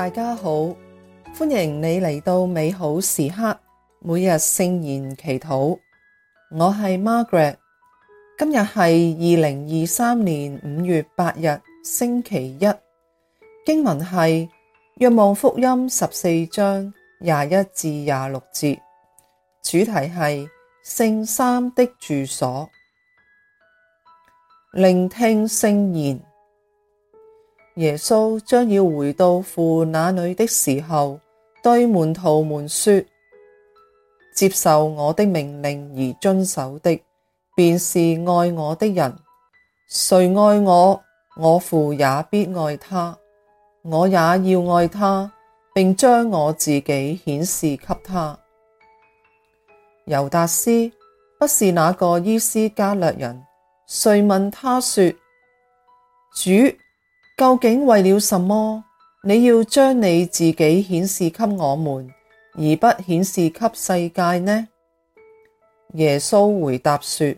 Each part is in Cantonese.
大家好，歡迎你嚟到美好時刻，每日聖言祈禱。我係 Margaret，今日係二零二三年五月八日星期一。經文係《若望福音》十四章廿一至廿六節，主題係聖三的住所。聆聽聖言。耶穌將要回到父那裏的時候，對門徒們說：接受我的命令而遵守的，便是愛我的人。誰愛我，我父也必愛他，我也要愛他，並將我自己顯示給他。猶達斯不是那個伊斯加略人，遂問他說：主，究竟為了什麼，你要將你自己顯示給我們，而不顯示給世界呢？耶穌回答說：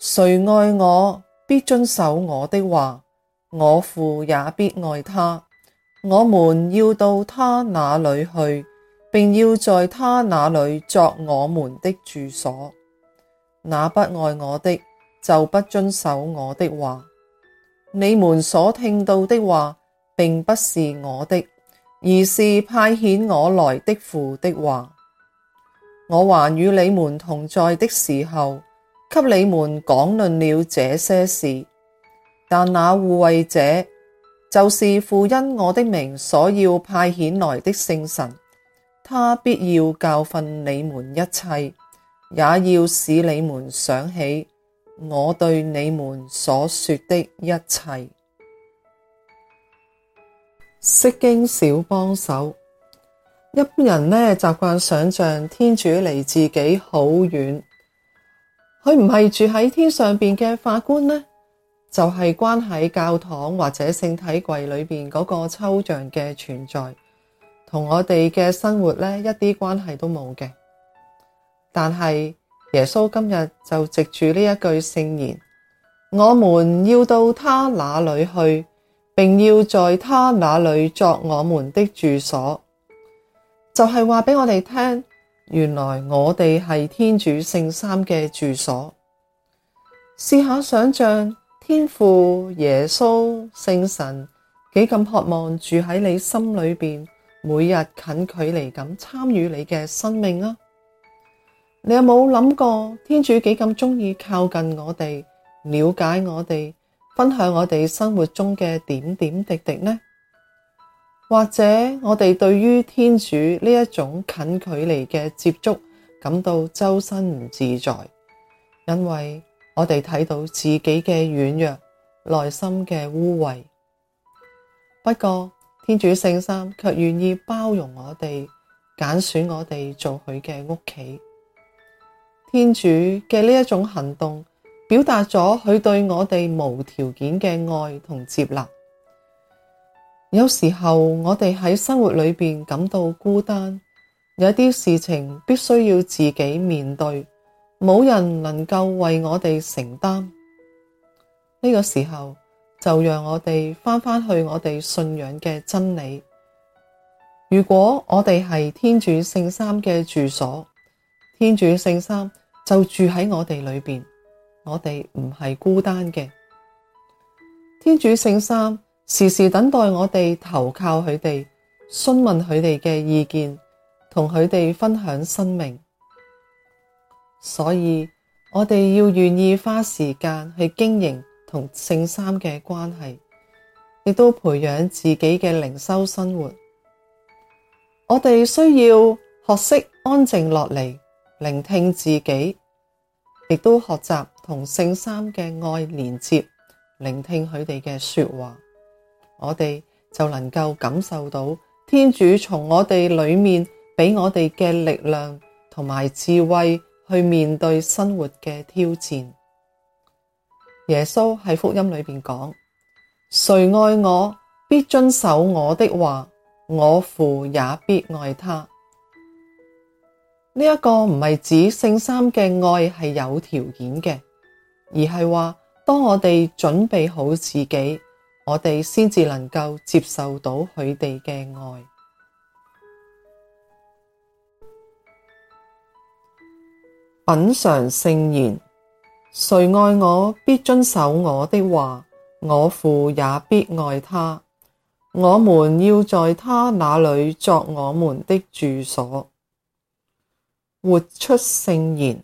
誰愛我，必遵守我的話，我父也必愛他。我們要到他那裡去，並要在他那裡作我們的住所。那不愛我的，就不遵守我的話。你們所聽到的話，並不是我的，而是派遣我來的父的話。我還與你們同在的時候，給你們講論了這些事。但那護慰者，就是父因我的名所要派遣來的聖神，他必要教訓你們一切，也要使你們想起。我對你們所說的一切。釋經小幫手。一般人呢習慣想象天主離自己好遠，佢唔係住喺天上邊嘅法官呢就係、關係關喺教堂或者聖體櫃裏邊嗰個抽象嘅存在，同我哋嘅生活呢一啲關係都冇嘅，但係，耶穌今日就藉住呢一句聖言，我們要到他那裡去，並要在他那裡作我們的住所，就係話俾我哋聽，原來我哋係天主聖三嘅住所。試下想象天父耶穌聖神幾咁渴望住喺你心裡邊，每日近距離咁參與你嘅生命啊！你有冇諗過天主幾咁鍾意靠近我哋，了解我哋，分享我哋生活中嘅點點滴滴呢？或者我哋對於天主呢一種近距離嘅接觸感到周身唔自在，因為我哋睇到自己嘅軟弱，內心嘅污穢。不過天主聖三卻願意包容我哋，揀選我哋做佢嘅屋企。天主嘅呢一種行動，表達咗佢對我哋無條件嘅愛同接納。有時候我哋喺生活裏邊感到孤單，有啲事情必須要自己面對，冇人能夠為我哋承擔。呢個時候就讓我哋返返去我哋信仰嘅真理。如果我哋係天主聖三嘅住所。天主聖三就住喺我哋裏邊，我哋唔係孤單嘅。天主聖三時時等待我哋投靠佢哋，詢問佢哋嘅意見，同佢哋分享生命。所以我哋要願意花時間去經營同聖三嘅關係，亦都培養自己嘅靈修生活。我哋需要學識安靜落嚟。聆聽自己，亦都學習同聖三嘅愛連接，聆聽佢哋嘅說話，我哋就能夠感受到天主從我哋裏面俾我哋嘅力量同埋智慧去面對生活嘅挑戰。耶穌喺福音裏邊講：誰愛我，必遵守我的話，我父也必愛他。呢、這、一個唔係指聖三嘅愛係有條件嘅，而係話當我哋準備好自己，我哋先至能夠接受到佢哋嘅愛。品嘗聖言，誰愛我，必遵守我的話，我父也必愛他，我們要在他那裡作我們的住所。活出聖言。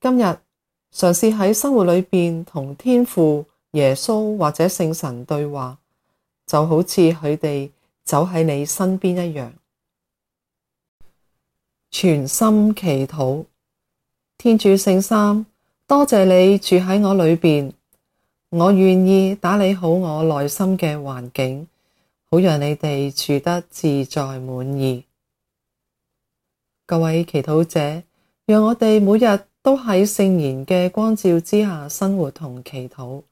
今日嘗試喺生活裏邊同天父、耶穌或者聖神對話，就好似佢哋走喺你身邊一樣。全心祈禱，天主聖三，多謝你住喺我裏邊。我願意打理好我內心嘅環境，好讓你哋住得自在滿意。各位祈禱者，讓我哋每日都喺聖言嘅光照之下生活同祈禱，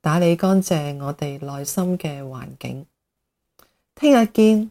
打理乾淨我哋內心嘅環境。聽日見。